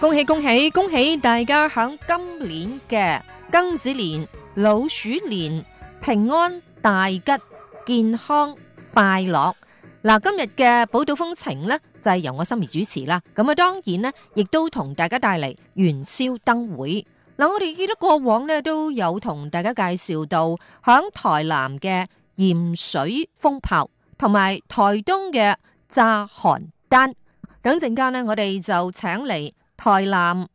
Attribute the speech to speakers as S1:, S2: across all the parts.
S1: 恭喜恭喜恭喜大家響今年嘅庚子年老鼠年平安大吉健康快樂嗱今日嘅寶島風情呢，就係、是、由我心儀主持啦咁啊當然呢，亦都同大家帶嚟元宵燈會嗱、啊、我哋記得過往呢，都有同大家介紹到響台南嘅鹽水蜂炮同埋台東嘅炸寒單。等陣間呢，我哋就請嚟。台南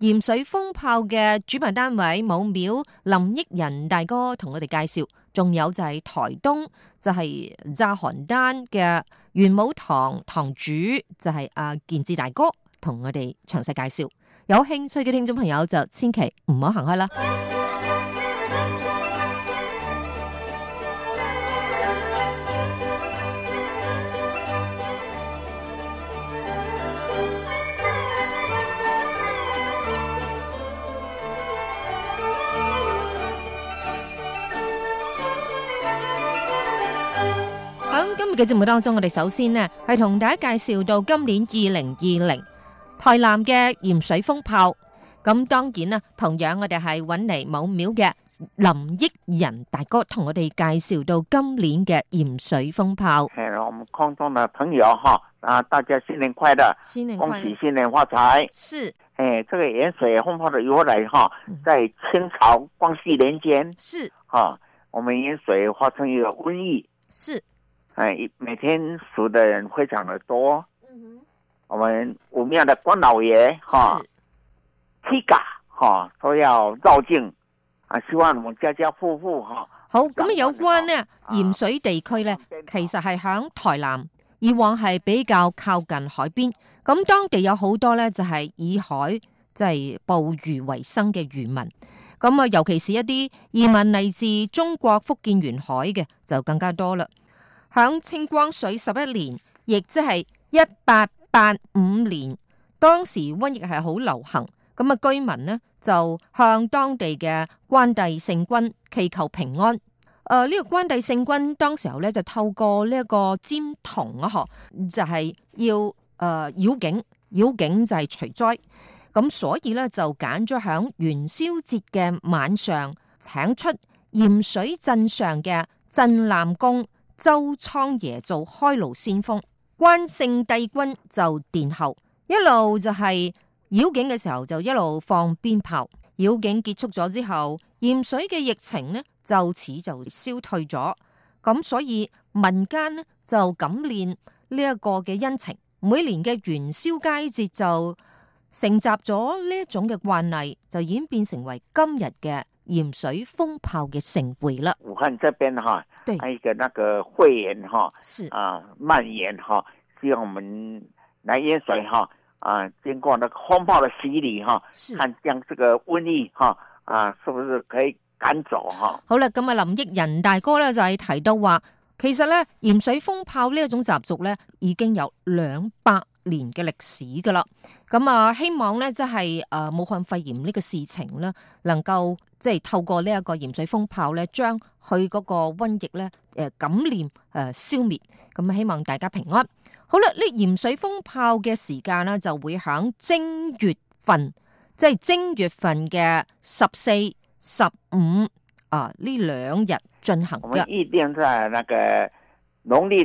S1: 鹽水蜂炮嘅主辦單位武廟林益仁大哥同我哋介紹，仲有就係台東就係、是、炸寒單嘅玄武堂堂主就係阿建志大哥同我哋詳細介紹，有興趣嘅聽眾朋友就千祈唔好行開啦。今日嘅節目當中，我哋首先呢係同大家介紹到今年二零二零台南嘅鹽水蜂炮。咁當然啦，同樣我哋係搵嚟武廟嘅林益仁大哥同我哋介紹到今年嘅鹽水蜂炮。係我唔
S2: 空洞嘅朋友哈，啊，大家新年快樂，新年恭喜，新年發財。是，誒、嗯，這個鹽水蜂炮嘅由來哈，在清朝光緒年間。是，哈、啊，我們鹽水發生一個瘟疫。是。誒，每天熟的人非常的多。嗯哼、我們武廟的關老爺哈，七嘎哈都要照鏡。啊，希望我們家家戶戶哈
S1: 好咁有關呢鹽、啊、水地區呢，其實係響台南，以往係比較靠近海邊。咁當地有好多呢，就係、是、以海即係捕魚為生嘅漁民。咁啊，尤其是一啲移民嚟自中國福建沿海嘅，就更加多啦。響清光緒十一年，亦即係一八八五年，當時瘟疫係好流行，咁啊，居民呢就向當地嘅關帝聖君祈求平安。誒、呃、呢、這個關帝聖君當時候咧就透過呢一個尖銅啊，嗬，就係、是、要誒、呃、繞境繞境就係除災，咁所以咧就揀咗響元宵節嘅晚上，請出鹽水鎮上嘅鎮南宮。周倉爺做開路先鋒，關聖帝君就殿後，一路就係繞境嘅時候就一路放鞭炮，繞境結束咗之後，鹽水嘅疫情呢就此就消退咗，咁所以民間呢就感念呢一個嘅恩情，每年嘅元宵佳節就承襲咗呢一種嘅慣例，就演變成為今日嘅。鹽水蜂炮嘅盛會啦，
S2: 武漢這邊哈、啊，一個那個肺炎哈，啊蔓延哈，希望我們南鹽水哈，啊經過呢蜂炮的洗禮哈、啊，看將這，這個瘟疫哈、啊，啊是不是可以趕走哈、啊？
S1: 好啦，咁啊林益仁大哥咧就係、是、提到話，其實咧鹽水蜂炮呢一種習俗咧已經有兩百。年嘅歷史噶啦，咁啊，希望咧即係誒武漢肺炎呢個事情咧，能夠即係透過呢一個鹽水風炮咧，將佢嗰個瘟疫咧誒感染誒消滅。咁希望大家平安。好啦，呢鹽水風炮嘅時間啦，就會喺正月份，即係正月份嘅十四、十五啊呢兩日進行嘅。我們預
S2: 定在那個農曆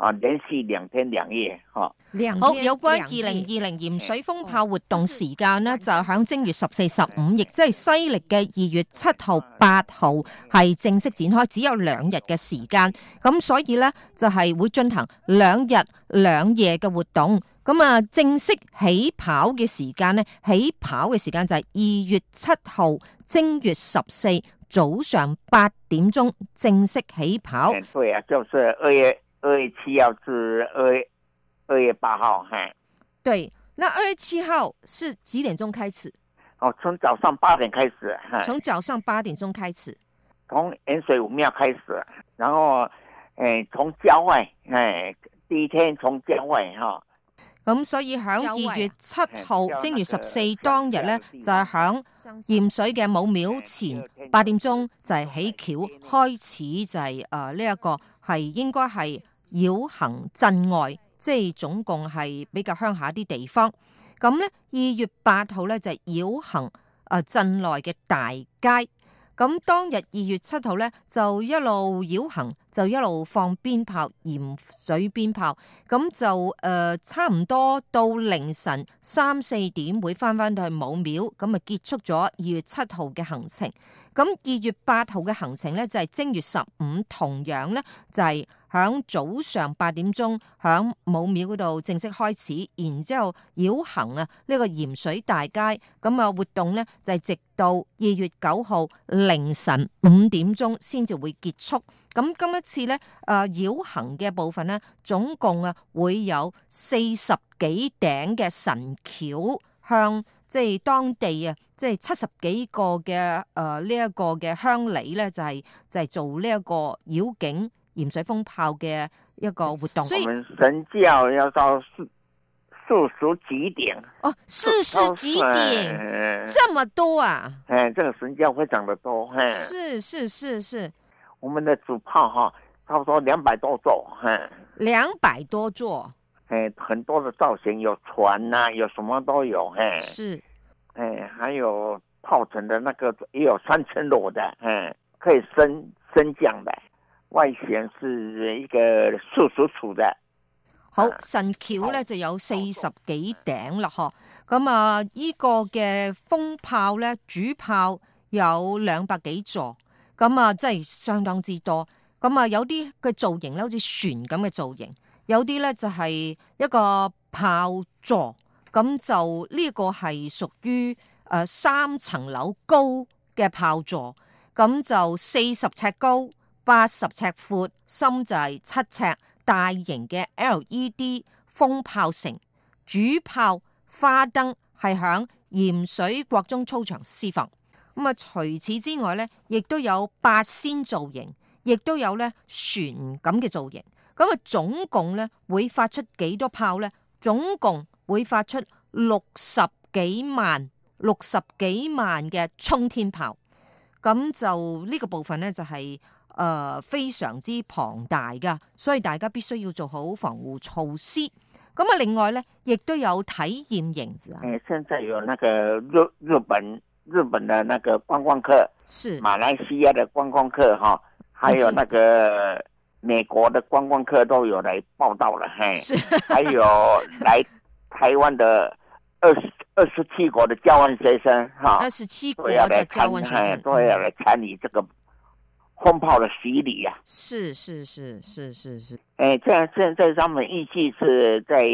S2: 啊！兩日兩天
S1: 兩夜，嗬，好，有關二零二零鹽水蜂炮活動時間呢，就喺正月十四、十五，亦即係西曆嘅二月七號、八號係正式展開，只有兩日嘅時間。咁所以呢就係會進行兩日兩夜嘅活動。咁啊，正式起跑嘅時間呢，起跑嘅時間就係二月七號，正月十四早上八點鐘正式起跑。
S2: 對啊，就是二月。二月七日至二月二月八號，吓，
S1: 對，那二月七號是幾點鐘開始？
S2: 哦，從早上八點開始，從
S1: 早上八點鐘開始，
S2: 從鹽水武廟開始，然後誒、呃，從郊外誒第一天從郊外嗬，
S1: 咁所以響二月七號正月十四當日咧，就係響鹽水嘅武廟前八、嗯、點鐘就係起橋開始就係誒呢一個。係應該係繞行鎮外，即係總共係比較鄉下啲地方。咁咧，二月八號咧就係繞行啊鎮內嘅大街。咁當日二月七號咧，就一路繞行，就一路放鞭炮、鹽水鞭炮，咁就、呃、差唔多到凌晨三四點會翻翻到去武廟，咁就結束咗二月七號嘅行程。咁二月八號嘅行程咧就係、是、正月十五，同樣咧就係、是，喺早上八點鐘，喺武廟嗰度正式開始，然之後繞行啊呢個鹽水大街，咁啊活動咧就係直到二月九號凌晨五點鐘先至會結束。咁今一次咧，誒繞行嘅部分咧，總共啊會有四十幾頂嘅神轎向即係當地啊，即係七十幾個嘅誒呢一個嘅鄉里咧，就係就係做呢一個繞境。鹽水蜂炮嘅一個活動，所以我們神
S2: 轎要到四四十幾頂哦，
S1: 四十幾頂，這麼多啊？
S2: 哎，這個神轎非常的多，誒、哎，是
S1: 是是是，我們的主炮哈，
S2: 差不多兩百多座，吓、哎，
S1: 兩百多
S2: 座，哎，很多的造型，有船呐、啊，有什麼都有，誒、哎，是，哎，還有炮城的那個也有三層樓的，誒、哎，可以升升降的。外牆是一個素素土嘅，
S1: 好神轎咧就有四十幾頂啦，嗬！咁啊，依個嘅蜂炮咧，主炮有兩百幾座，咁啊，真係相當之多。咁啊，有啲嘅造型咧，好似船咁嘅造型，有啲咧就係一個炮座，咁就呢個係屬於誒三層樓高嘅炮座，咁就四十尺高。八十尺闊、深就係七尺，大型嘅 LED 蜂炮城主炮花燈係響鹽水國中操場施放。咁啊，除此之外咧，亦都有八仙造型，亦都有咧船咁嘅造型。咁啊，總共咧會發出幾多炮咧？總共會發出六十幾萬、六十幾萬嘅衝天炮。咁就呢個部分咧，就係、是。呃，非常之龐大嘅，所以大家必須要做好防護措施。咁啊，另外呢，亦都有體驗營。
S2: 誒。現在有那個日日本日本嘅那個觀光客，是馬來西亞嘅觀光客，哈，還有那個美國嘅觀光客都有來報到了，嘿，還有來台灣的二十二十七國的交換學生，哈，二十七國嘅交換學生都要來參與。嗯、這個。烽炮嘅洗禮啊，
S1: 是是是是是是，誒，現現在他們預
S2: 計是在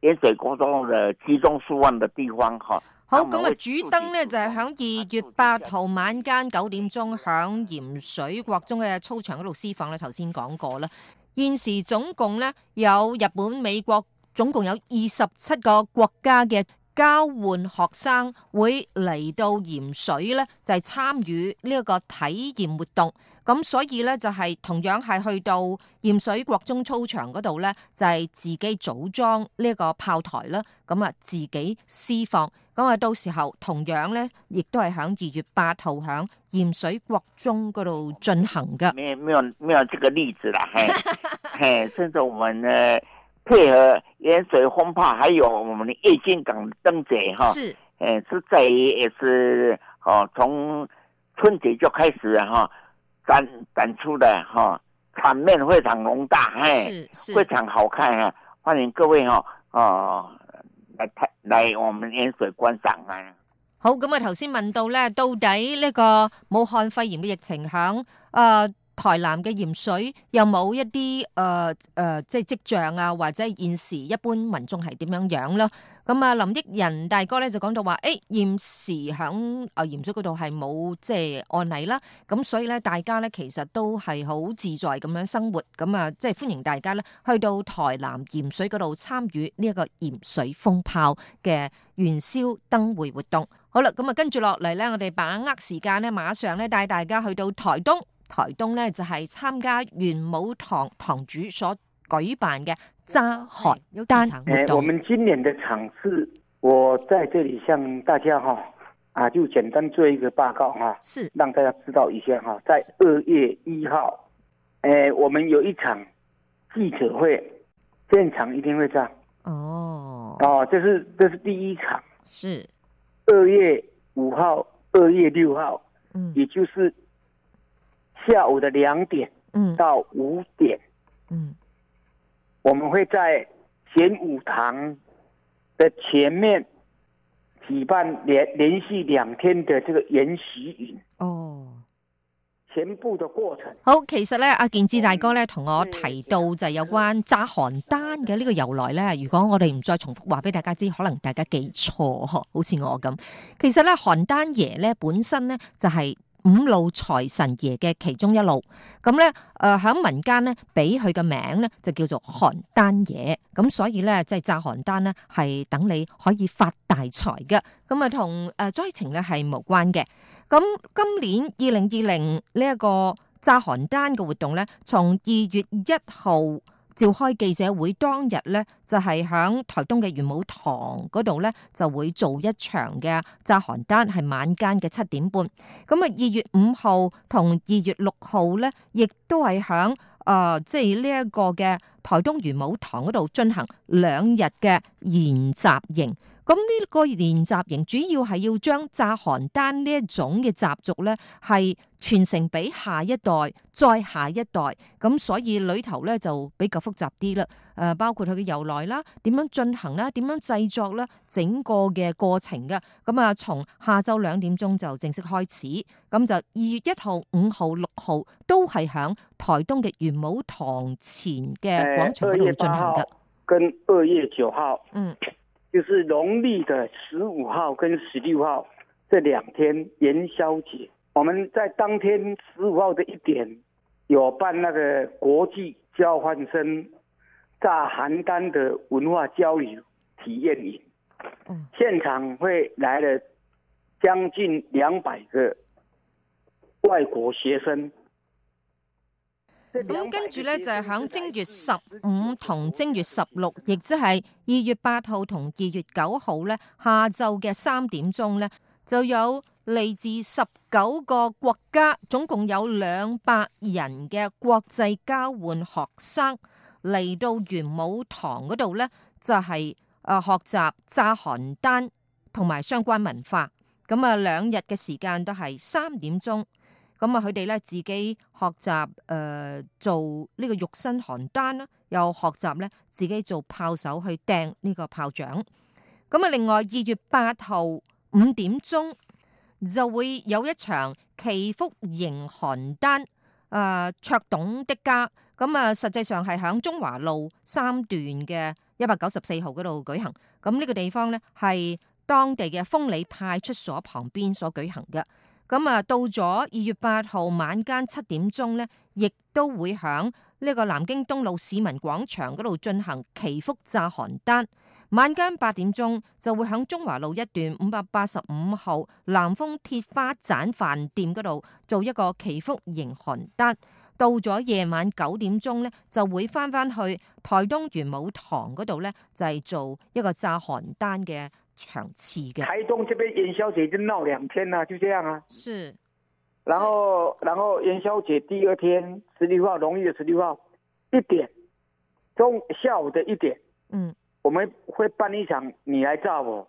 S2: 鹽水國中的集中數萬的地方，哈，
S1: 好，咁啊。主燈呢，就係響二月八號晚間九點鐘響鹽水國中嘅操場嗰度施放咧，頭先講過啦。現時總共呢，有日本、美國，總共有二十七個國家嘅。交換學生會嚟到鹽水咧，就係參與呢一個體驗活動。咁所以咧，就係、是、同樣係去到鹽水國中操場嗰度咧，就係、是、自己組裝呢一個炮台啦。咁啊，自己施放。咁啊，到時候同樣咧，亦都係響二月八號響鹽水國中嗰度進行噶。
S2: 咩咩咩，有這個例子啦，係， 係，我問配合鹽水蜂炮，還有我們的夜景港燈節哈，誒，是在於也是哦，從春節就開始哈展展出的哈，場面非常宏大是是，非常好看啊！歡迎各位哈哦來睇嚟我們鹽水觀賞。
S1: 好，咁啊頭先問到咧，到底呢個武漢肺炎嘅疫情響台南嘅鹽水又冇一啲誒誒，即係跡象啊，或者現時一般民眾係點樣樣、欸、啦？咁啊，林益仁大哥咧就講到話：誒，現時響誒鹽水嗰度係冇即係案例啦。咁所以咧，大家咧其實都係好自在咁樣生活。咁啊，即係歡迎大家咧去到台南鹽水嗰度參與呢一個鹽水蜂炮嘅元宵燈會活動。好啦，咁啊，跟住落嚟咧，我哋把握時間咧，馬上咧帶大家去到台東。台東呢，就係、是、參加玄武堂堂主所舉辦嘅炸寒單活動誒、呃，我
S2: 們今年嘅場次，我在這裏向大家哈啊，就簡單做一個報告哈、啊，是讓大家知道一下哈，在二月一號，誒、呃，我們有一場記者會，現場一定會炸。哦哦，這是這是第一場，是二月五號、二月六號，嗯，也就是。下午的兩點，嗯，到五點，嗯，我們會在玄武堂的前面舉辦連連續兩天的這個研習營。哦，全部的過
S1: 程。好，其實咧，阿健智大哥咧同我提到就係有關炸寒單嘅呢個由來咧。如果我哋唔再重複話俾大家知，可能大家記錯，好似我咁。其實咧，寒單爺咧本身咧就係。五路財神爺嘅其中一路，咁咧，誒喺民間咧，俾佢嘅名咧就叫做寒單爺，咁所以咧即係炸寒單咧，係等你可以發大財嘅，咁啊同誒災情咧係無關嘅。咁今年二零二零呢一個炸寒單嘅活動咧，從二月一號。召開記者會當日咧，就係、是、響台東嘅玄武堂嗰度咧，就會做一場嘅炸寒單，係晚間嘅七點半。咁啊，二月五號同二月六號咧，亦都係響誒，即係呢一個嘅台東玄武堂嗰度進行兩日嘅研習營。咁呢個練習營主要係要將炸寒單呢一種嘅習俗咧，係傳承俾下一代、再下一代。咁所以裏頭咧就比較複雜啲啦。誒，包括佢嘅由來啦，點樣進行啦，點樣製作啦，整個嘅過程嘅。咁啊，從下晝兩點鐘就正式開始。咁就二月一號、五號、六號都係喺台東嘅玄武堂前嘅廣場度進行嘅。欸、二月
S2: 八號跟二月九號。嗯。就是農曆的十五號跟十六號這兩天元宵節，我們在當天十五號的一點有辦那個國際交換生炸寒單的文化交流體驗營，現場會來了將近兩百個外國學生。
S1: 咁跟住咧就係喺正月十五同正月十六，亦即係二月八號同二月九號咧，下晝嘅三點鐘咧，就有嚟自十九個國家，總共有兩百人嘅國際交換學生嚟到玄武堂嗰度咧，就係、是、誒學習炸韓丹同埋相關文化。咁啊，兩日嘅時間都係三點鐘。咁啊，佢哋咧自己學習誒做呢個肉身寒單啦，又學習咧自己做炮手去掟呢個炮仗。咁啊，另外二月八號五點鐘就會有一場祈福迎寒單誒卓董的家。咁啊，實際上係響中華路三段嘅一百九十四號嗰度舉行。咁、這、呢個地方咧係當地嘅豐里派出所旁邊所舉行嘅。咁啊，到咗二月八號晚間七點鐘咧，亦都會喺呢個南京東路市民廣場嗰度進行祈福炸寒單。晚間八點鐘就會喺中華路一段五百八十五號南豐鐵花盞飯店嗰度做一個祈福迎寒單。到咗夜晚九點鐘咧，就會翻返去台東玄武堂嗰度咧，就係做一個炸寒單嘅。長期的台東
S2: 這邊元宵節已經鬧兩天了，啊，就這樣啊。是，然後，然後元宵節第二天十六號，農曆的十六號一點中下午的一點，嗯，我們會辦一場“你來炸我”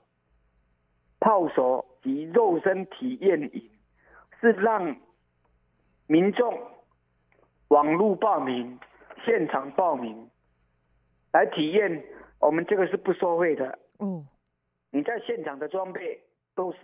S2: 炮手及肉身體驗營，是讓民眾網絡報名、現場報名來體驗。我們這個是不收費的哦。嗯你在現場的裝備都
S1: 是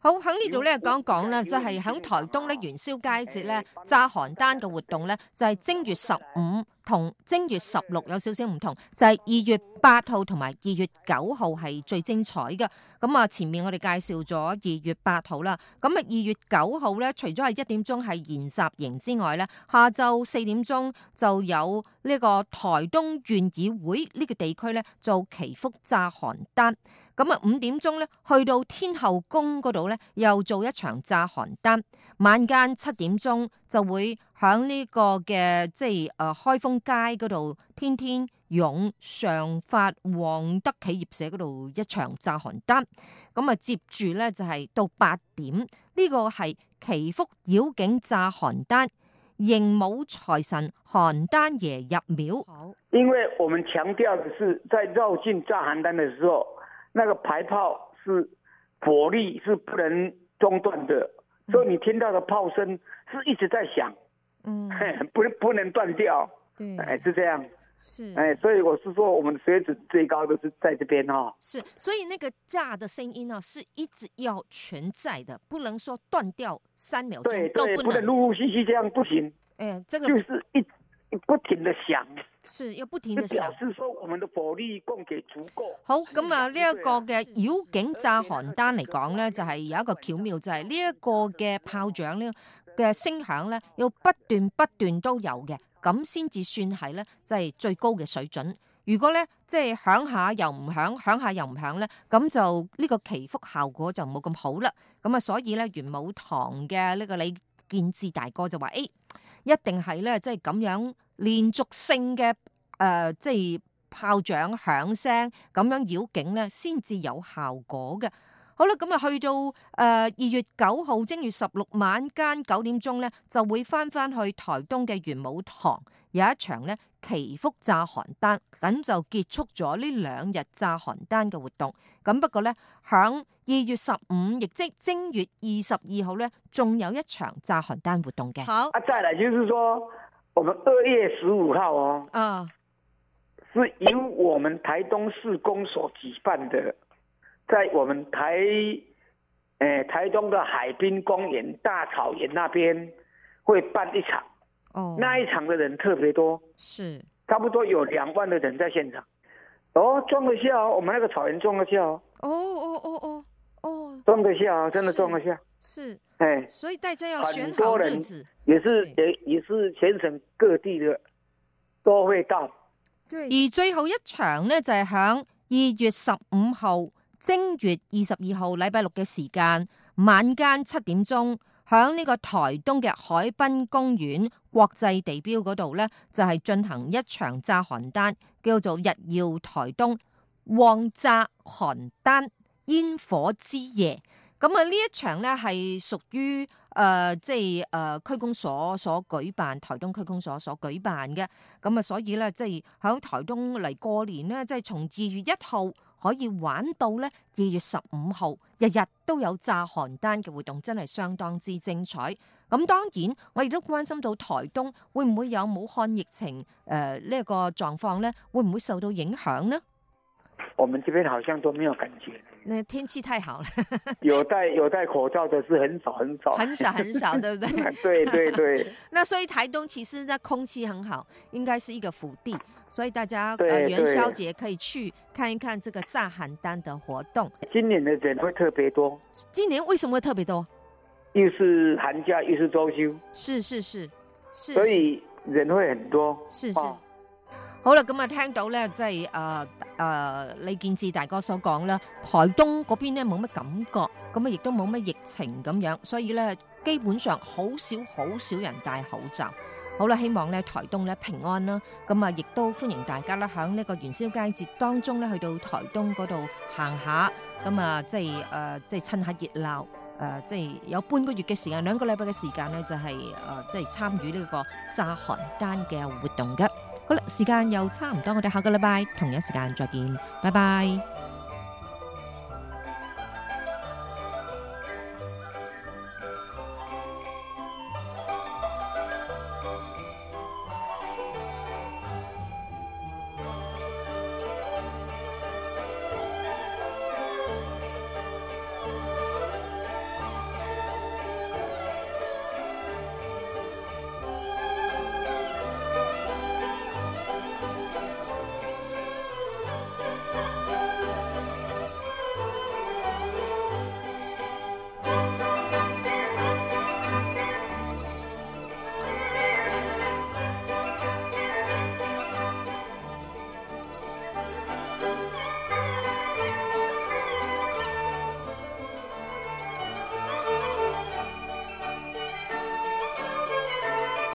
S1: 好，喺呢度咧，講講咧，即係喺台東咧元宵佳節咧炸寒單嘅活動咧，就係正月十五。同正月十六有少少唔同，就係、是、二月八號同埋二月九號係最精彩嘅。咁啊，前面我哋介紹咗二月八號啦，咁啊二月九號咧，除咗係一點鐘係研習營之外咧，下晝四點鐘就有呢個台東縣議會呢個地區咧做祈福炸寒單，咁啊五點鐘咧去到天后宮嗰度咧又做一場炸寒單，晚間七點鐘，就會喺呢個嘅即係誒開封街嗰度，天天湧上發旺德企業社嗰度一場炸寒單。咁啊接住咧就係到八點呢個係祈福繞境炸寒單，迎武財神寒單爺入廟。因為我們強
S2: 調嘅，是在繞境炸寒單嘅時候，那個排炮是火力是不能中斷的。嗯、所以你聽到的炮聲是一直在響，嗯，不不能斷掉，對，哎是這樣，是，哎，所以我是說我們的水準最高都是在這邊哈，哦。
S1: 是，所以那個炸的聲音呢，哦，是一直要存在的，不能說斷掉三秒鐘都不能，不能陸
S2: 陸續續這樣不行，
S1: 哎、欸，這個就是
S2: 一,一不停的響。
S1: 算，不斷嘅時候。好咁啊，呢一個嘅妖警炸寒單嚟講咧，就係、是、有一個巧妙，就係呢一個嘅炮仗呢個嘅聲響咧，要不斷不斷都有嘅，咁先至算係咧，即、就、係、是、最高嘅水準。如果咧，即、就、係、是、響下又唔響，響下又唔響咧，咁就呢個祈福效果就冇咁好啦。咁啊，所以咧，玄武堂嘅呢個李建智大哥就話：，誒、哎，一定係咧，即係咁樣。連續性嘅誒、呃，即係炮仗響聲咁樣繞境咧，先至有效果嘅。好啦，咁啊去到誒二、呃、月九號，正月十六晚間九點鐘咧，就會翻翻去台東嘅玄武堂有一場咧祈福炸寒單，咁就結束咗呢兩日炸寒單嘅活動。咁不過咧，響二月十五，亦即正月二十二號咧，仲有一場炸寒單活動嘅。好，再
S2: 嚟就係說。我們二月十五號哦、喔，啊、uh,，是由我們台東市公所舉辦的，在我們台，哎、欸，台東的海濱公園大草原那邊會辦一場，哦、uh,，那一場的人特別多，是差不多有兩萬的人在現場，哦，裝得下、喔、我們那個草原裝得下哦、喔，哦哦哦哦，哦，裝得下、喔、真的裝得下。是，
S1: 所以大家要選好日子，
S2: 也是，也是全省各地的都會到。
S1: 對，而最後一場呢，就係響二月十五號正月二十二號禮拜六嘅時間，晚間七點鐘，響呢個台東嘅海濱公園國際地標嗰度呢就係、是、進行一場炸寒單，叫做日耀台東旺炸寒單煙火之夜。咁啊，呢一場咧係屬於誒，即係誒區公所所舉辦，台東區公所所舉辦嘅。咁啊，所以咧，即係響台東嚟過年咧，即係從二月一號可以玩到咧二月十五號，日日都有炸寒單嘅活動，真係相當之精彩。咁當然，我亦都關心到台東會唔會有武漢疫情誒呢個狀況咧，會唔會受到影響咧？
S2: 我們這邊好像都沒有感覺。
S1: 那天氣太好了。
S2: 有戴有戴口罩的是很少很少。很少很少，對不對？ 對，對對，
S1: 那所以台東其實那空氣很好，應該是一個福地。所以大家對對呃元宵節可以去看一看這個炸寒單的活動。
S2: 今年的人會特別多。
S1: 今年為什麼會特別多？
S2: 又是寒假，又是周休。是
S1: 是是，是，是，是所以
S2: 人會很多。是是。
S1: 哦，好了，那麼，聽到咧，在，呃。誒、呃、李建志大哥所講啦，台東嗰邊咧冇乜感覺，咁啊亦都冇乜疫情咁樣，所以呢基本上好少好少人戴口罩。好啦，希望呢台東呢平安啦，咁啊亦都歡迎大家呢喺呢個元宵佳節當中呢去到台東嗰度行下，咁啊即係誒即係趁下熱鬧，誒即係有半個月嘅時間，兩個禮拜嘅時間呢、就係，就係誒即係參與呢個炸寒單嘅活動嘅。好啦，時間又差唔多，我哋下個禮拜同一時間再見，拜拜。